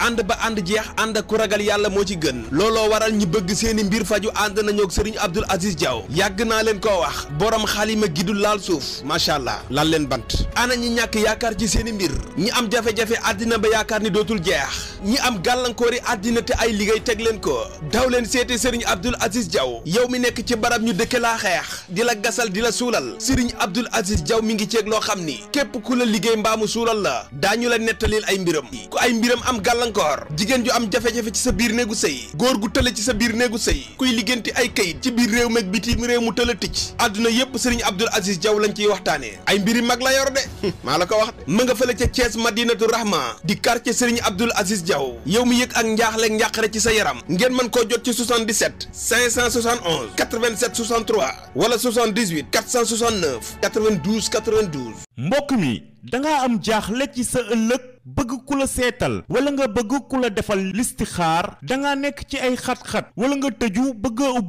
ànd ba ànd jeex ànd ak ku ragal yàlla moo ci gën looloo waral ñi bëgg seeni mbir faju ànd nañoo ak Serigne Abdoul Aziz jaw yàgg naa leen ko wax borom xalima gidul laal suuf macha allah laal leen bant ana ñi ñàkk yaakaar ci seeni mbir ñi am jafe-jafe àddina ba yaakaar ni dootul jeex ñi am gàllankoori àddina te ay liggéey teg leen ko daw leen seete Serigne Abdoul Aziz jaw yow mi nekk ci barab ñu dëkke laa xeex di la gasal di la suulal Serigne Abdoul Aziz jaw mi ngi ceeg loo xam ni képp ku la liggéey mbaamu suulal la daañu la nettalil ay mbiram ay mbiram am gàllankoor encore jigen ju am jafé jafé ci sa bir négu sey gor gu télé ci sa bir négu sey kuy liggéenti ay kayit ci bir réew meeg bitim réew mu télé tic aduna yépp serigne Abdul Aziz jaw lañ ci waxtané ay mbiri mag la yor dé malako wax dé ma nga fële ci Thiès Madinatu Rahma di quartier serigne Abdul Aziz jaw yow mi yek ak njaaxle njàqare ci sa yaram ngeen man ko jot ci 77 571 87 63 wala 78 469 92 92 mbok mi da nga am jaaxle ci sa ëlëk bëgg ku la seetal wala nga bëgg ku la defal listixaar danga nekk ci ay xat-xat wala nga tëju bëgg a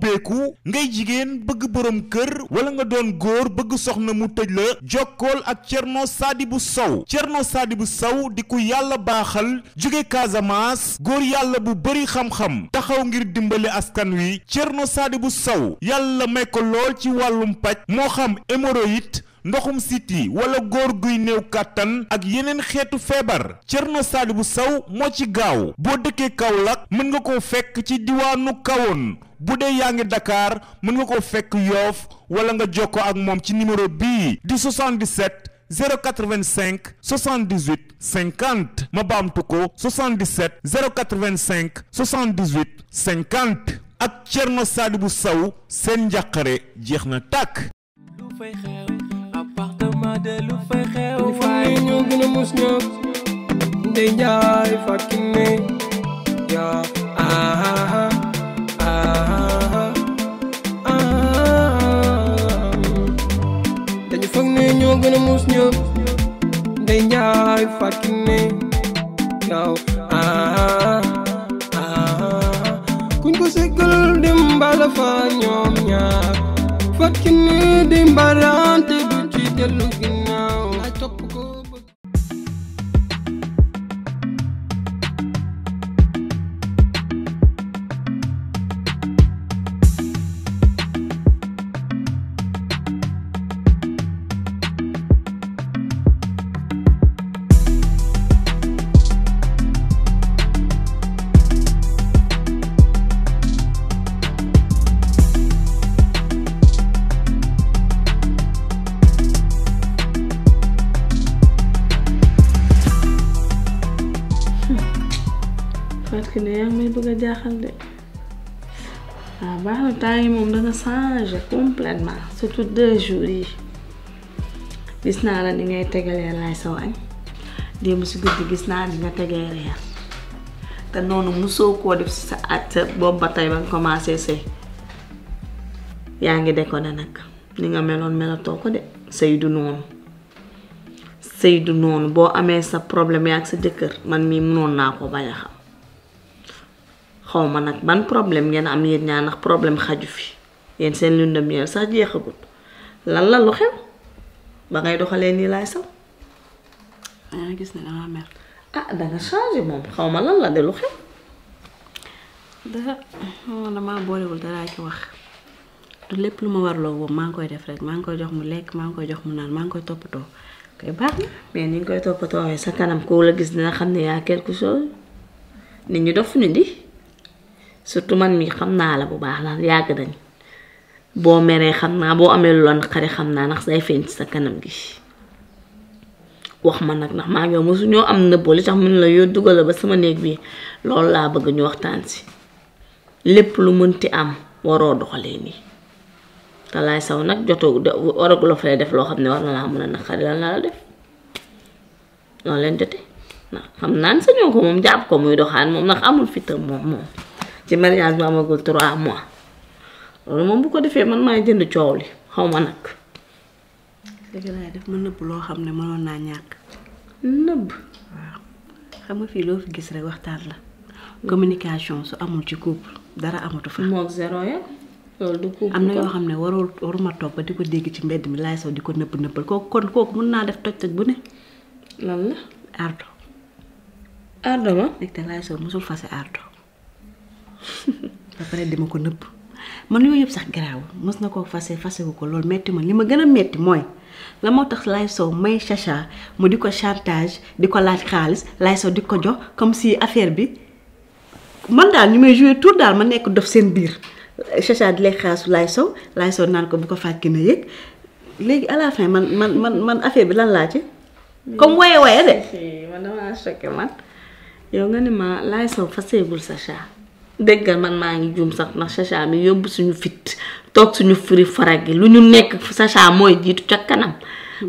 ngay jigéen bëgg borom kër wala nga doon góor bëgg soxna mu tëj la jokkool ak saadi Cerno Saadibu Sow Cerno bu Sow di ku yàlla baaxal jóge Casamance góor yàlla bu bëri xam-xam taxaw ngir dimbali askan wi Cerno bu Sow yàlla may ko lool ci wàllum paj moo xam hémorroïde ndoxum siti wala góor guy néew kàttan ak yeneen xeetu feebar Thierno bu Sow moo ci gaaw boo dëkkee Kaolack mën nga ko fekk ci diwaanu Kahone bu dee yaa ngi Dakar mën nga ko fekk Yoff wala nga jokkoo ak moom ci numéro bii di 77 085 78 50 ma baamtu ko 77 085 78 50 ak Thierno Sadibou Sow seen njàqare jeex na tàkk. de lu fa xew waay ñoo gën a mus ñëpp ndey njaay fakkin ne yaa aha aha dañu foog ne ñoo gën a mus ñëpp ndey njaay fakkin ne yaw aha kuñ ko segal dem bala fa ñoom ñaar fakkin ne dem balante yi moom danga changé complètement surtout deux jours yi gis naa la ni ngay tegalee lay saw añ démb si guddi gis naa ni nga tegee reer te noonu musoo koo def si sa at sa boobu ba tey ba nga commencé sëy yaa ngi de ko de nag ni nga meloon melatoo ko de sëy du noonu sëy du noonu boo amee sa problème yaa ak sa jëkkër man mii noon naa ko bañ a xam xawma nag ban problème ngeen am yéen ñaa ndax problème xaju fi yéen seen de miel sax jeexagut lan la lu xew ba ngay doxalee nii lay saw yaa gis ne danga mer ah nga changé moom xawma lan la de lu xew dara dama boolewul daraa ci wax du lépp lu ma warloo wo maa ngi koy def rek maa ngi koy jox mu lekk maa ngi koy jox mu naan maa ngi koy toppatoo kay baax na mais ni ngi koy toppatoo sa kanam koo la gis dina xam ne yaa quelque chose nit ñi dof ñu di surtout man mi xamna la bu baax la yag dañ bo méré xamna naa amé lon xari xamna nak say fenc sa kanam gi wax ma nak nak ma ngi yow ñoo am bo li tax mun la yo duggal ba sama neeg bi lool la bëgg ñu waxtaan ci lepp lu mënti am waro doxale ni te saw nak joto jotoo waragula fay def lo xamne ne war na la mëna nak xari la la def loolu len jotté na xam sa sañoo ko moom ko muy doxaan mom nak amul fitam mom mom ci mariage bu amagul trois mois loolu moom bu ko defee man maay jënd coow li xaw ma nag. dëgg def ma nëbb loo xam ne mënoon naa ñàkk. fii loo fi gis rek waxtaan la communication su amul ci couple dara amatu fa. moog zéro ya loolu am na yoo xam ne warul waruma toog ba di ko dégg ci mbedd mi laay saw di ko nëbb nëbbal kooku kon kooku mun naa def toj-toj bu ne. lan la. ardo. ardo ma. nekk te laay saw mosul fase ardo. ba pare ma ko nëpp man yooyu yëpp sax garaaw mës na koo fase fasewu ko loolu metti ma li ma gën a metti mooy la moo tax Laye Sow may Chacha mu di ko chantage di ko laaj xaalis Laye Sow di ko jox comme si affaire bi man daal ñu may joué tour daal ma nekk dof seen biir Chacha di lay xaasu Laye Sow Laye Sow naan ko bu ko fàcc na yëg léegi à man man man man affaire bi lan laaj ci comme waye waye de man damaa choqué man yow nga ne ma Laye Sow faseegul Chacha déggal man maa ngi juum sax ndax Chacha mi yóbbu suñu fit toog suñu firi farag yi lu ñu nekk Chacha mooy jiitu ca kanam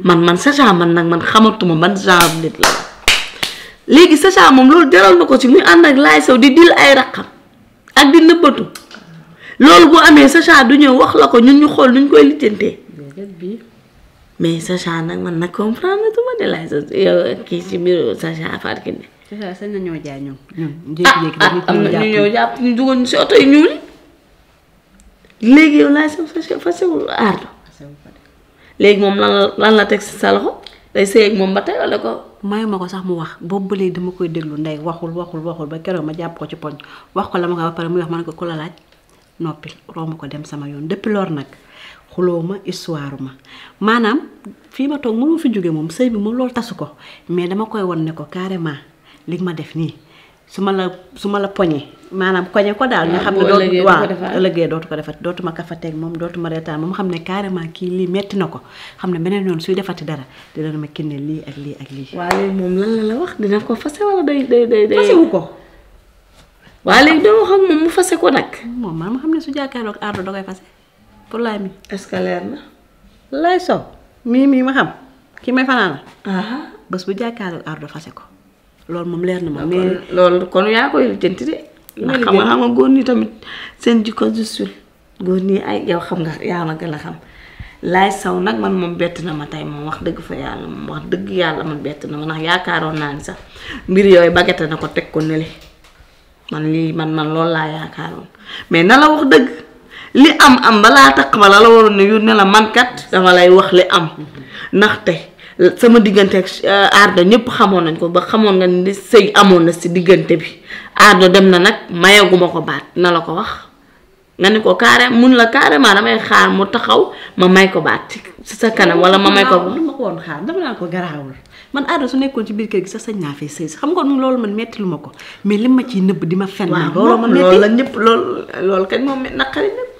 man man Chacha man nag man xamatuma man genre nit la léegi Chacha moom loolu jaral na ko ci muy ànd ak laay saw di dil ay raqam ak di nëbbatu loolu boo amee Chacha du ñëw wax la ko ñun ñu xool nuñ koy lijjantee mais Chacha nag man nag comprendre tuma de laay saw kii ci mbiru Chacha Fatou Kiné c'est ça sañ nañoo jaay ñoom. ñun ah, jékki-jékki dañuy ah, ah, am na ñu ñëw jàpp ñu dugal ñu si oto yi ñuul yi léegi yow laay sa fas fas yowul aar la. léegi moom lan la lan la teg si sa loxo day sëy ak moom ba tey wala ko. mayu ma ko sax mu wax boobu ba léegi dama koy déglu ndey waxul waxul waxul ba keroog ma jàpp ko ci poñ wax ko la ma ko ba pare muy wax man ko ku la laaj noppi romb ko dem sama yoon depuis lor nag xuloo ma histoire ma maanaam fii ma toog mënu ma fi jóge moom sëy bi moom loolu tasu ko mais dama koy won ne ko carrément li ma def nii su ma la su ma la poñee maanaam koñe ko daal nga xam ne dootu waaw ëllëgee dootu ko defati dootuma kafateeg moom dootuma reetaan moom xam ne carrément kii lii metti na ko xam ne beneen yoon suy defati dara dina ma kinne lii ak lii ak lii waaw léegi moom lan la la wax dina ko fase wala day day day day fasewu ko waaw léegi doo wax ak ko nag moom maa ma xam su jàkkaarloog aardo da koy fase pour laay mi ce que leer na lay sow mii mii ma xam ki may fanaan la bés bu jàkkaarloog ardo fase ko loolu moom leer na ma mais lool kon yaa koy lijjanti de. ndax xam nga xam nga góor ñi tamit seen jikko juste góor ñi ay yow xam nga yaa ma gën a xam laay saw nag man moom bett na ma tey moom wax dëgg fa yàlla moom wax dëgg yàlla man bett na ma ndax yaakaaroon naa ni sax mbir yooyu bagate na ko teg ko man lii man man loolu laa yaakaaroon mais na la wax dëgg li am am balaa tax ma la la waroon ne yu ne man kat dama lay wax li am mm-hmm. ndaxte. sama diggante ak Ardo ñëpp xamoon nañ ko ba xamoon nga ni sëy amoon na si diggante bi Ardo dem na nag mayaguma ko baat na la ko wax nga ni ko carré mun la carrément damay xaar mu taxaw ma may ko baat si sa kanam wala ma may ko. waaw ma ko woon ko garaawul man Ardo su nekkoon ci biir kër gi sa sañ naa fee sëy si xam nga loolu man metti lu ma ko mais li ma ciy nëbb di ma fen. loolu ma metti loolu la ñëpp loolu loolu kañ moom naqari ñëpp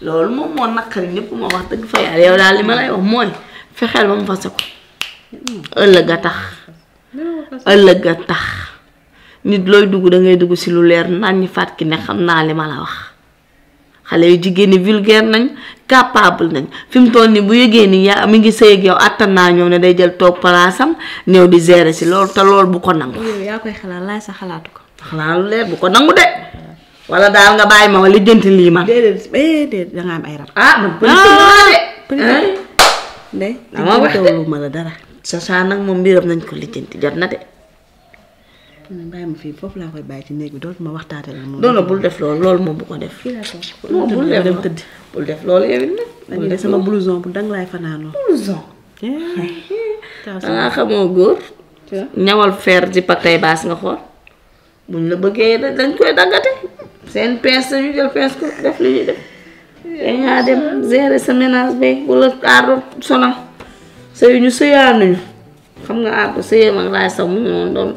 loolu moom moo naqari ñëpp moo wax dëgg fa yàlla yow daal li ma lay wax mooy fexeel ba mu fase ko ëllëg a tax ëllëg a tax nit looy dugg da ngay dugg si lu leer naan ñi faat ki ne xam naa li ma la wax xale yu jigéen ñi vulgaire nañ capable nañ fi mu toll nii bu yëgee ni yaa mi ngi sëy yow attan naa ñoom ne day jël toog palaasam ñëw di gérer si loolu te loolu bu ko nangu. yaa koy xalaat laay sa xalaatu ko. xalaat lu leer bu ko nangu de. wala daal nga bàyyi ma wala lijjanti lii man. déedéet eh, déedéet da nga am ay rab. ah man pël ma la de. dama wax de ma la dara sa saa nag moom mbiram nañ ko lijeenti jot na de. man bayam fi fii la koy bayti neegu dool ma dootuma waxtaate la mom non la bul def lool lool mom bu ko def. non bul def dem teud bul def lool yewin na bul def sama blouson bu dang laay fanaanoo. blouson. dangaa xamo góor. ñawal fer di patay bas nga xool. buñ la bëggee dañ koy daggate. sen pince ñu jël pince ko def li ñuy def. ñaa dem gérer sa ménage bi bu la carro sonal. sëy ñu sëyaanuñu xam nga àgg ah, sëyam laay sax mu noonu doon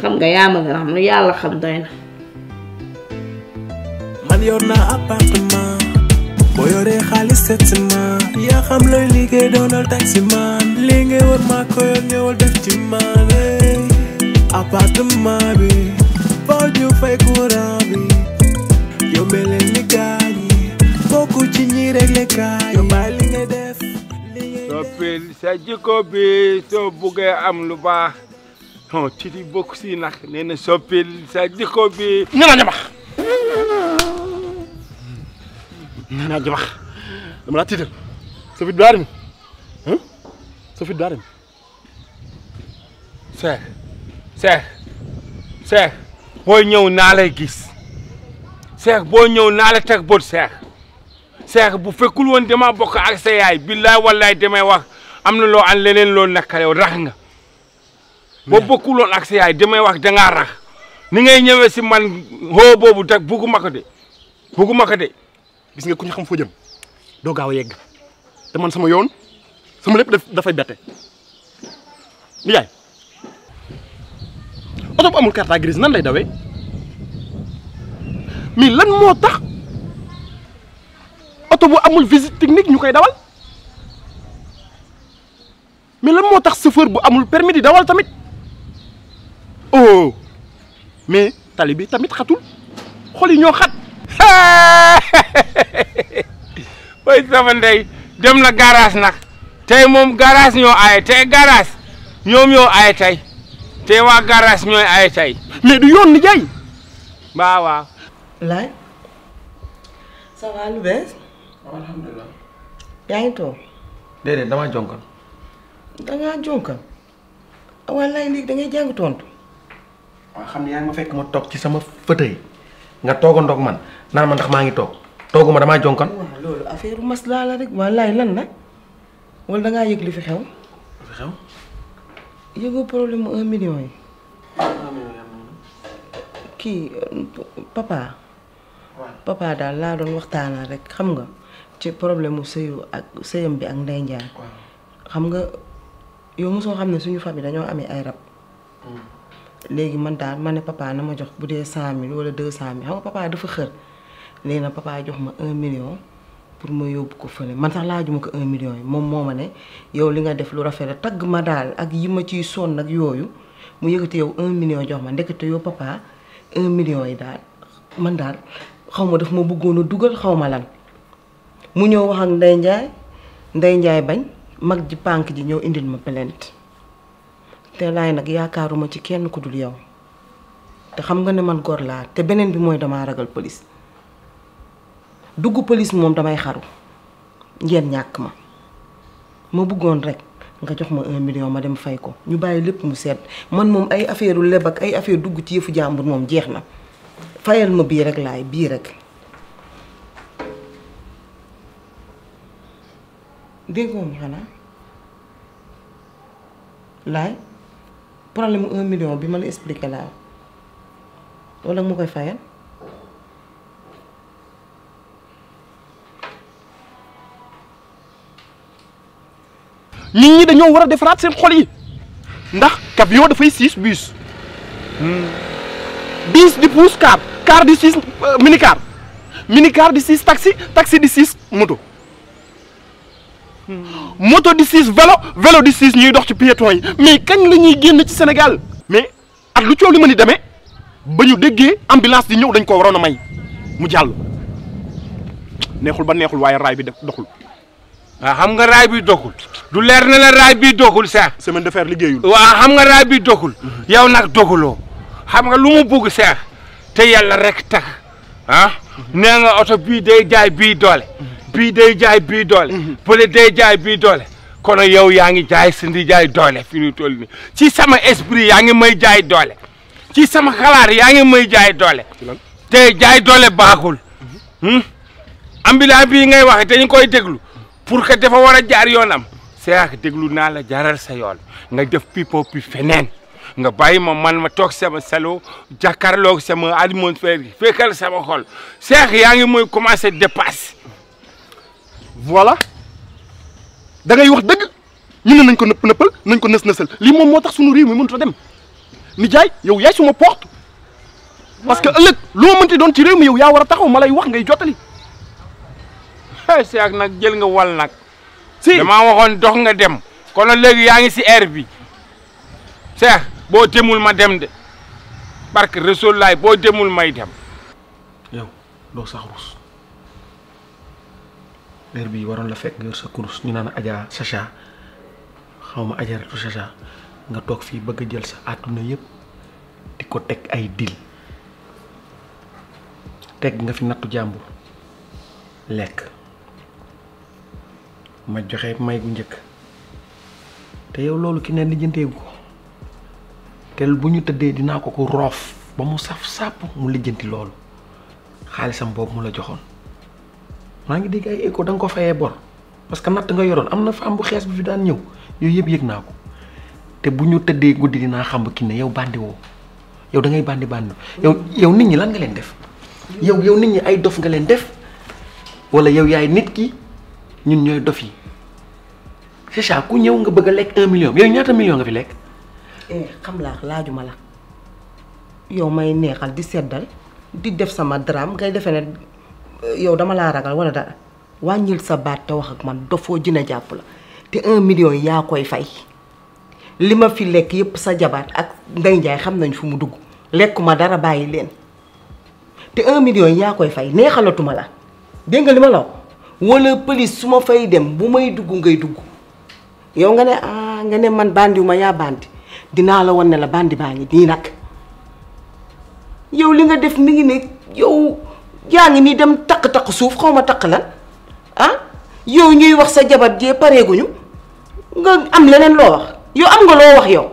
xam nga yaa ma gën a xam lu yàlla xam doy na. man yor naa appartement boo yoree xaalis settement yaa xam looy liggéey doonal taxi man lii ngay war maa ko yor def ci man appartement bi foo ju fay courant bi leen ni yi bokku ci ñi réglé kaay yi soppil sa jikko bi soo buggee am lu baax non ci di bokk si nag nee na soppil sa jikko bi nee na jabax nee na jabax dama laa tiital sa seex seex seex boo ñëw naa lay gis seex boo ñëw naa la teg bët seex seex bu fekkul woon dama bokk ak sa yaay billaay wallaay damay wax am na loo an leneen loolu naka yow rax nga boo bokkul woon ak sa yaay damay wax dangaa rax ni ngay ñëwee si man xoo boobu dag bugguma ko de bugguma ko de gis nga ku ñu xam foo jëm doo gaaw a yegg te man sama yoon sama lépp dafay bette li yaay oto bu amul carte grise nan lay dawee mais lan moo tax oto bu amul visite technique ñu koy dawal mais moo tax chauffeur bu amul permis di dawal tamit oh mais tali bi tamit xatul xol yi ñoo xat. way sama dem na garage nag tey moom garage ñoo aaye tey garage ñoom ñoo aaye tey tey waa garage ñooy aaye tey. mais du yoon ni jaay. waaw waaw. laaj. ça lu bees. alhamdulilah. yaa ngi toog. déedéet damaa jonkan. dangaa jonkan. wallaay léegi da jàng tontu. waaw xam ne yaa ngi ma fekk ma toog ci sama fauteuil nga toogandoog man naan ma ndax maa ngi toog tooguma damaa jonkan. waaw loolu affaire la rek wallaay lan la wala dangaa yëg li fi xew. yëgoo problème mu un yi. kii euh, papa. papa daal laa doon waxtaanal rek xam nga ci problème mu sëyu ak sëyam bi ak Ndeye Ndiaye. xam nga yow soo xam ne suñu yi dañoo amee ay rab. Mm. léegi man daal ma ne papa na ma jox bu dee cent mille wala deux cent mille xam nga papa dafa xër léegi nag papa jox ma un million pour ma yóbbu ko fële man sax laajuma ko un million yi moom moo ma ne yow li nga def lu rafet la tagg ma daal ak yi ma ciy sonn ak yooyu mu yëkkati yow un million jox ma ndekete yow papa un yi daal xaw ma daf ma bëggoon a dugal xawma lan mu ñëw wax ak Ndeye Ndiaye Ndeye Ndiaye bañ mag ji pànk ji ñëw indil ma plainte te laay nag yaakaaruma ci kenn ku dul yow te xam nga ne man góor laa te beneen bi mooy damaa ragal polis dugg polis moom damay xaru ngeen ñàkk ma ma bëggoon rek nga jox ma un million ma dem fay ko ñu bàyyi lépp mu sedd man moom ay affaire u leb ak ay affaire dugg ci yëfu jàmbur moom jeex na fayal ma bii rek laay bii rek déggoo ma xanaa laay problème mu un million bi ma la expliqué laa wala mu koy fayal nit ñi dañoo war a defaraat seen xol yi ndax camion dafay siis bus 10 di pousse car car di 6 euh, minicar minicar di 6 taxi taxi di 6 moto. moto di 6 vélo vélo di 6 ñuy dox ci piétons yi mais kañ lañuy génn ci senegal mais at lu coow lu mën a demee ba ñu déggee ambulance di ñëw dañ ko waroon a may mu jàll. neexul ba neexul waaye raay bi def doxul. waaw ah, xam nga raay bi doxul. du leer na la raay bi doxul sax. semaine de fer liggéeyul. waaw xam nga raay bi doxul. Mm-hmm. yow nag doxuloo. xam nga lu mu bugg seex te yàlla rek tax ah nee nga oto bii day jaay bii doole bii day jaay bii doole bële day jaay bii doole kono yow yaa ngi jaay sindi jaay doole fi ñu toll nii ci sama esprit yaa ngi may jaay doole ci sama xalaat yaa ngi may jaay doole te jaay doole baaxul hmm? ambulant bii ngay wax dañu koy déglu pour que dafa war a jaar yoonam seex déglu naa la jaral sa yoon nga def pipo pi feneen nga bàyyi ma man ma tok sama salo jàkkaarloog sama atmosphère fekkal sama xol cheikh yaangi moy commencer dépasse voilà da ngay wax deug ñu ne nañ ko nëpp nëppal nañ ko nës nësal li mom motax suñu rew mi mën ta dem yow yaay suma porte parce que lo mën ti don ci rew mi yow ya wara taxaw malay wax ngay hay cheikh nak jël nga wal nak dama damaa dox nga dem kono legui yaangi ci air bi seex bo demul ma dem de barke Rasuul laay boo demul may dem. yow do sax rus heure bi waron la fek ngeur sa kurus ñu nana Adja sacha xawma Adja Ratu sacha nga tok fi bëgg jël sa aduna yëpp diko tek ay dil tek nga fi nattu jambur lek ma joxe may gu ñëk te yow lolu ki ne lijjanteegu tel buñu teddé dina ko ko rof ba mu saf sap mu lijeenti lool xaalisam boobu mu la joxon ma ngi dig ay écho dang ko fayé bor parce que nat nga yoron amna fam bu xess bu daan ñew yoy yeb yek nako té te teddé guddi dina xam ki ne yow bandi wo yow da ngay bandi bandi yow yow nit ñi lan nga leen def yow yow nit ñi ay dof nga leen def wala yow yaay nit ki ñun ñoy dof yi c'est ça ku ñew nga bëgg lek 1 million yow ñaata million nga fi lek eh xam laa laajuma la yow may neexal di seddal di def sama dram ngay defee ne eh, yow dama laa ragal wala da wàññil sa baat te wax ak man dofoo jina jàpp la te un million yaa koy fay li ma fi lekk yépp sa jabaar ak Ndey Njaay xam nañ fu mu dugg lekkuma dara bàyyi leen te un million yaa koy fay neexalatuma la dégg nga li ma wala pëlis su ma fay dem bu may dugg ngay dugg yow nga ne ah nga ne man bandiwuma yaa bandi dinaa la wan ne la bandi baa ngi nii nag yow li nga def mi ngi ne yow yaa ngi nii dem takk taq suuf xaw ma taq lan ah? yow ñuy wax sa jabar jee pareeguñu nga am leneen loo wax yow am nga loo wax yow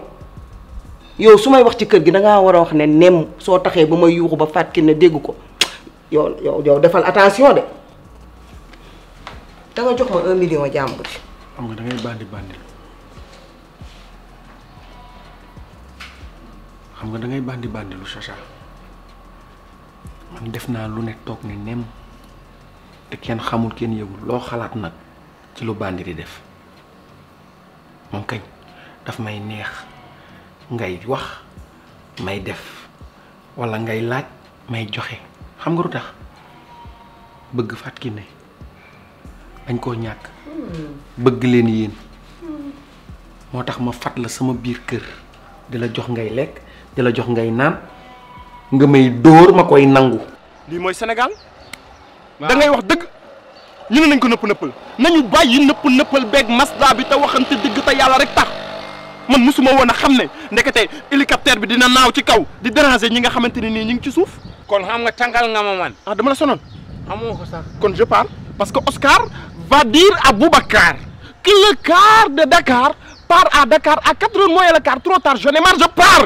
yow su may wax ci kër gi danga war a wax ne nem soo taxee ba may yuuxu ba fàtki ne dégg ko yow yow defal attention de danga jox ma un million jàmbur. xam xam nga da ngay bandi bandi lu sacha man def naa lu ne toog ne nem te kenn xamul kenn yëgul loo xalaat nag ci lu bandi di def moom kañ daf may neex ngay wax may def wala ngay laaj may joxe xam nga lu tax bëgg fat ki ne bañ koo ñàkk bëgg leen yéen hmm. moo tax ma fat la sama biir kër di la jox ngay lekk di la jox ngay nan nga may dóor ma koy nangu. lii mooy Sénégal. da ngay wax deug ñu nañ ko nepp neppal nañu bayyi nepp neppal beeg masda bi ta waxante deug ta yalla rek tax man musuma wona a nekete helicopter bi dina naw ci kaw di déranger ñi nga xamanteni ni ñi ngi ci suuf. kon xam nga tangal nga ma man. ah dama la sonal. amoo ko sax kon je parle parce que Oscar va dire à Boubacar que le car de Dakar part à Dakar à 4 h moins le car trop tard je ne marche pas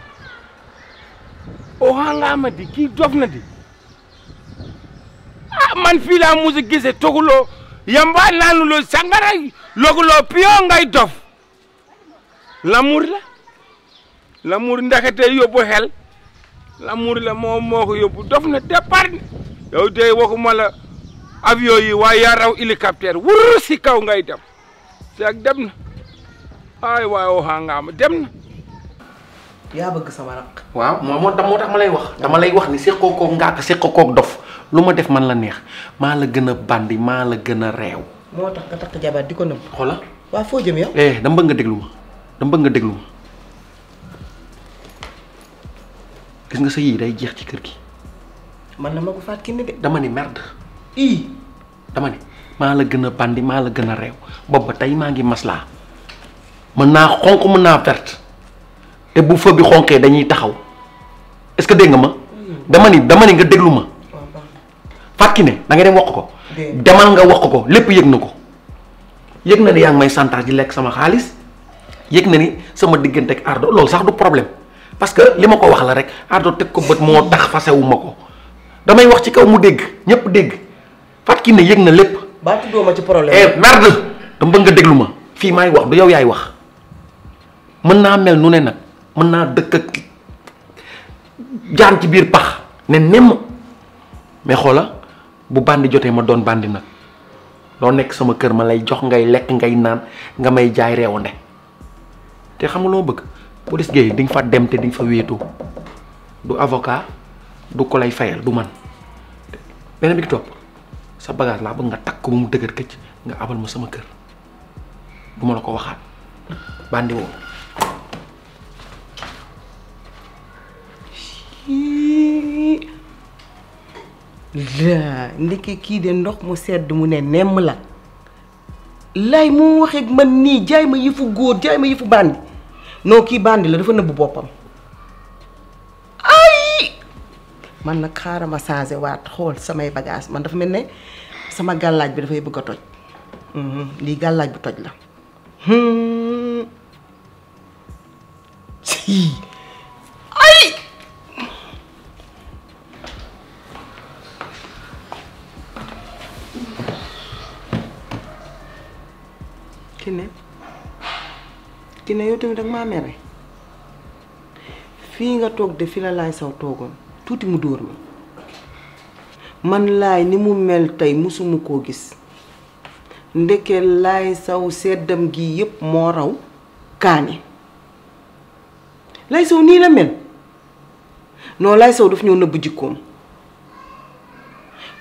o hanga ma di ki dof na di ah man fii laa mus a gise toguloo yamba naanuloo sangara loguloo piyo ngay dof lamour la lamour ndakate yóbbu xel lamour la moo moo ko dof na départ yow de waxuma la avion yi waaye yaa raw hélicoptère wurr si kaw ngay dem seeg dem na ay waay o hanga ma dem na ya bëgg sama rakk waaw mo moo moo tax malay wax dama lay wax ni séqoo koog ngàkk séqoo koko dof lu def man la neex ma la gëna bandi malah la gëna rew tak tax ka takk jabar di ko xola wa fo jëm yow eh dama bëgg nga déglu ma dama bëgg nga déglu ma gis nga sa yi day jeex ci kër gi man na mako faat dama ni merde ii dama ni ma la gëna bandi malah la gëna rew bobu tay ma ngi masla et bu feu bi xonké dañuy taxaw est ce que dégg ma dama ni dama ni nga dégluma fatki ne da nga dem wax ko demal nga wax ko lepp yegg nako yegg na ni yang may santage di lek sama xaliss yegg na ni sama digënté ak ardo lool sax du problème parce que lima ko wax la rek ardo tek ko beut mo tax wu mako damay wax ci kaw mu dégg ñepp dégg fatki ne yegg na lepp ba tuddo ma ci problème eh merde dama nga dégluma fi may wax du yow yaay wax mën na mel nu nak mën naa dëkk ak jaan ci biir pax ne nem mais xoola bu bandi jotee ma doon bandi nag loo nekk sama kër ma lay jox ngay lekk ngay naan nga may jaay reewande te xam nga loo bëgg police gay di nga fa dem te di nga fa wéetoo du avocat du ko lay fayal du man benn bi topp sa bagage laa bëgg nga takk mu dëgër këcc nga abal ma sama kër du ma la ko waxaat bandi woo laa ndeke kii de ndox mu sedd mu ne nemm la lay mu waxee man nii jaay ma yëfu góor jaay ma yëfu bandi non kii bandi la dafa nëbb boppam ay man nag xaaral ma changé waat xool samay bagage man dafa mel ne sama gàllaaj bi dafay bëgg a toj mhm, lii gàllaaj bu toj la hmm. Kiné Kiné yow tamit danga maa mere fii nga toog de fi la laay saw toogoon tuuti mu dóor ma man laay ni mu mel tey musuma koo gis ndeke laay saw seddam gi yépp moo raw kaani lay saw nii la mel non lay saw daf ñoo nëbb jikkoom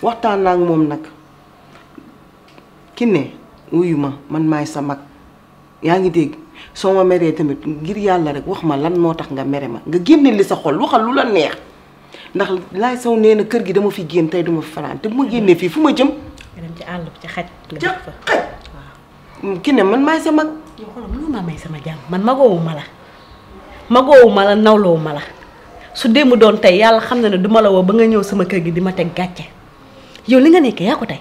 waxtaan moom nag Kiné wuyu ma man may sa mak yaa ngi dégg soo ma meree tamit ngir yalla rek wax ma lan motax nga mere ma nga génne li sa xol waxal lula neex ndax lay saw neena na kër gi dama fi genn tay duma fi fanaan te bu ma génnee fii fu jëm. dem ci àll ci xaj. ci xaj ki ne man may sa mak yow xoolal may sama jam man mago ma la mago ma la nawlo ma la su demu don tay yalla xamna ne duma la wo ba nga ñew sama kër gi dima tek gatché yow li nga nekk ya ko tay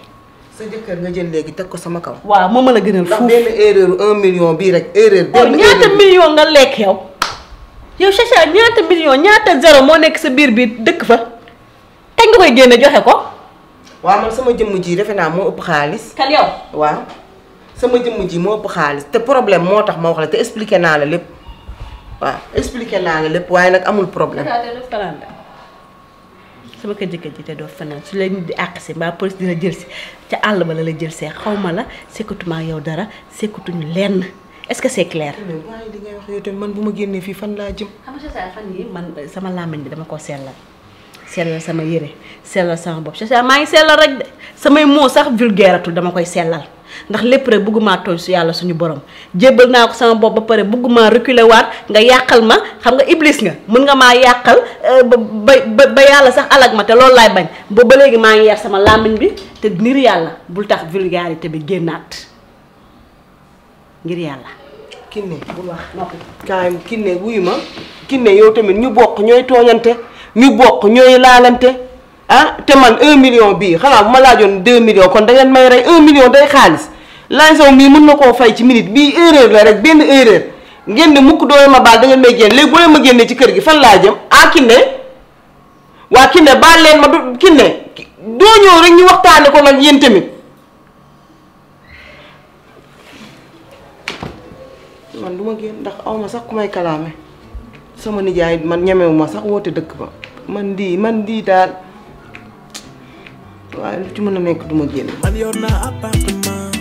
sa jëkkër nga jël léegi teg ko sama kaw. waaw ma mën a gënal fuuf benn erreur un million bii rek erreur. benn ñaata million nga lekk yow. yow Chacha ñaata million ñaata zéro moo nekk sa biir bi dëkk fa kañ nga koy génne joxe ko. waaw man sama jëmm ji defe naa moo ëpp xaalis. kan yow waaw. sama jëmm ji moo ëpp xaalis te problème moo tax ma wax la te expliqué naa la lépp waaw expliqué naa la lépp waaye nag amul problème. sama kër jëkkër ji te doo fanaan su la nit di àq si mbaa police dina jël si ca àll ba la la jël see xaw ma la sekkatuma yow dara sekkatuñu lenn est-ce que c'est clair. waaye li ngay man bu ma génnee fii fan laa jëm. man sama làmmiñ bi dama ko sellal. sellal sama yére sellal sama bopp c'est maa ngi sellal rek de samay mots sax vulgaire dama koy sellal ndax lépp rek bëggumaa tooñ su yàlla suñu borom jébbal naa ko sama bopp ba pare bëggumaa reculer waat nga yàqal ma xam nga iblis nga mën nga maa yàqal euh, ba ba ba yàlla sax alag ma te loolu laay bañ ba ba léegi maa ngi yar sama làmmiñ bi te ngir yàlla bul tax vulgarité bi génnaat ngir yàlla. kinne bul wax noppi. kinne wuyu ma kinne yow tamit ñu bokk ñooy tooñante. ñu bokk ñooy laalante ah te man un million bii xanaa bu ma laajoon deux millions kon da ngeen may rey un million day xaalis laaj saw mii mun na koo fay ci minute bii erreur la rek benn erreur ngeen ne mukk doolee ma baal da ngeen may génn léegi boo leen ma génnee ci kër gi fan laa jëm ah Kine waa Kine baal leen ma do Kine doo ñëw rek ñu waxtaane ko la yéen tamit man du ma génn ndax awma sax ku may kalaame sama nijaay man ñemewu ma sax woote dëkk ba man di man di daal waaye lu ci mën a nekk du ma génn. man yor naa appartement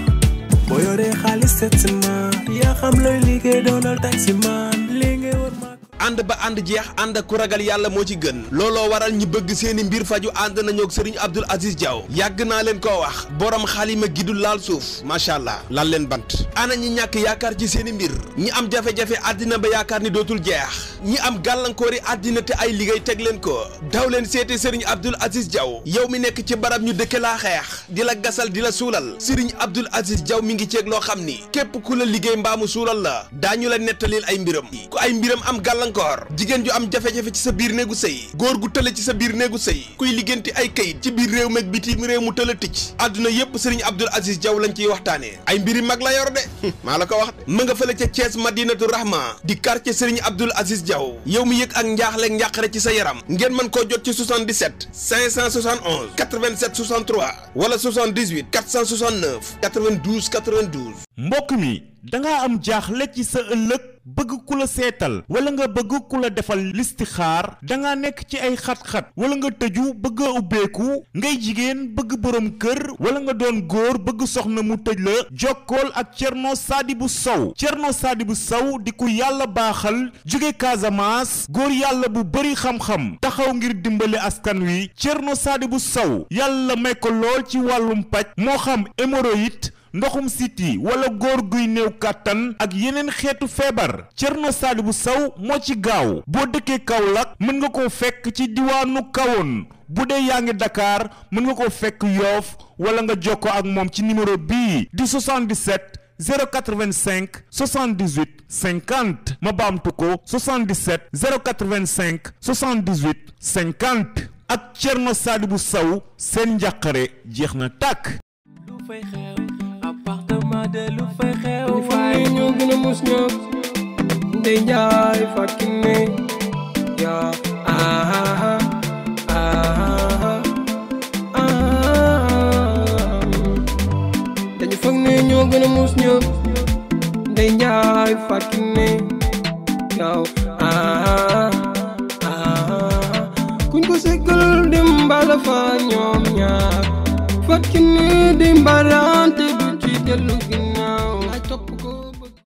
boo yoree xaalis seet si ma yaa xam looy liggéey doonal taxi man lii ngay war ma. ànd ba ànd jeex ànd ak ku ragal yàlla moo ci gën looloo waral ñi bëgg seeni mbir faju ànd nañu ak sëriñ Abdul Aziz jaw yàgg naa leen koo wax borom xaalima gidul laal suuf macha allah laal leen bant ana ñi ñàkk yaakaar ci seeni mbir ñi am jafe-jafe àddina ba yaakaar ni dootul jeex ñi am gàllankoori àddina te ay liggéey teg leen ko daw leen seete sëriñ Abdul Aziz jaw yow mi nekk ci barab ñu dëkke laa xeex di la gasal di la suulal sëriñ Abdul Aziz jaw mi ngi ceeg loo xam ni képp ku la liggéey mbaamu suulal la daañu la nettalil ay mbiram ay mbiram am gàllankoor encore jigen ju am jafé jafé ci sa bir négu sey gor gu tële ci sa bir négu sey kuy ligënti ay kayit ci bir réew biti bitim réew mu tële tic aduna yépp serigne Abdul Aziz Jaw lañ ci waxtané ay mbiri mag la yor dé maa la ko wax ma nga fële ci Thiès Madinatu Rahma di quartier serigne Abdul Aziz Jaw yow mi yek ak njaaxle njàqare ci sa yaram ngeen man ko jot ci 77 571 87 63 wala 78 469 92 92 mbokk mi da nga am jaaxle ci sa ëlëk bëgg ku la seetal wala nga bëgg ku la defal listixaar danga nekk ci ay xat-xat wala nga tëju bëgg a ngay jigéen bëgg borom kër wala nga doon góor bëgg soxna mu tëj la jokkool ak saadi Cerno Saadibu Sow Cerno bu Sow di ku yàlla baaxal jóge Casamance góor yàlla bu bëri xam-xam taxaw ngir dimbali askan wi Cerno Saadibu Sow yàlla may ko lool ci wàllum paj moo xam hémorroïde ndoxum siti wala góor guy néew kàttan ak yeneen xeetu feebar Thierno bu Sow moo ci gaaw boo dëkkee Kaolack mën nga ko fekk ci diwaanu Kahone bu dee yaa ngi Dakar mën nga ko fekk Yoff wala nga jokkoo ak moom ci numéro bii di 77 085 78 50 ma baamtu ko 77 085 78 50 ak Thierno Sadibou Sow seen njàqare jeex na tàkk. lu fay xew waaye ñoo gën a mus ñëpp ndey njaay fakki ne yaa aha aha dañu foog ne ñoo gën a mus ñëpp ndey njaay fakki ne yow aha kuñ ko sekkal dem mbala fa you're looking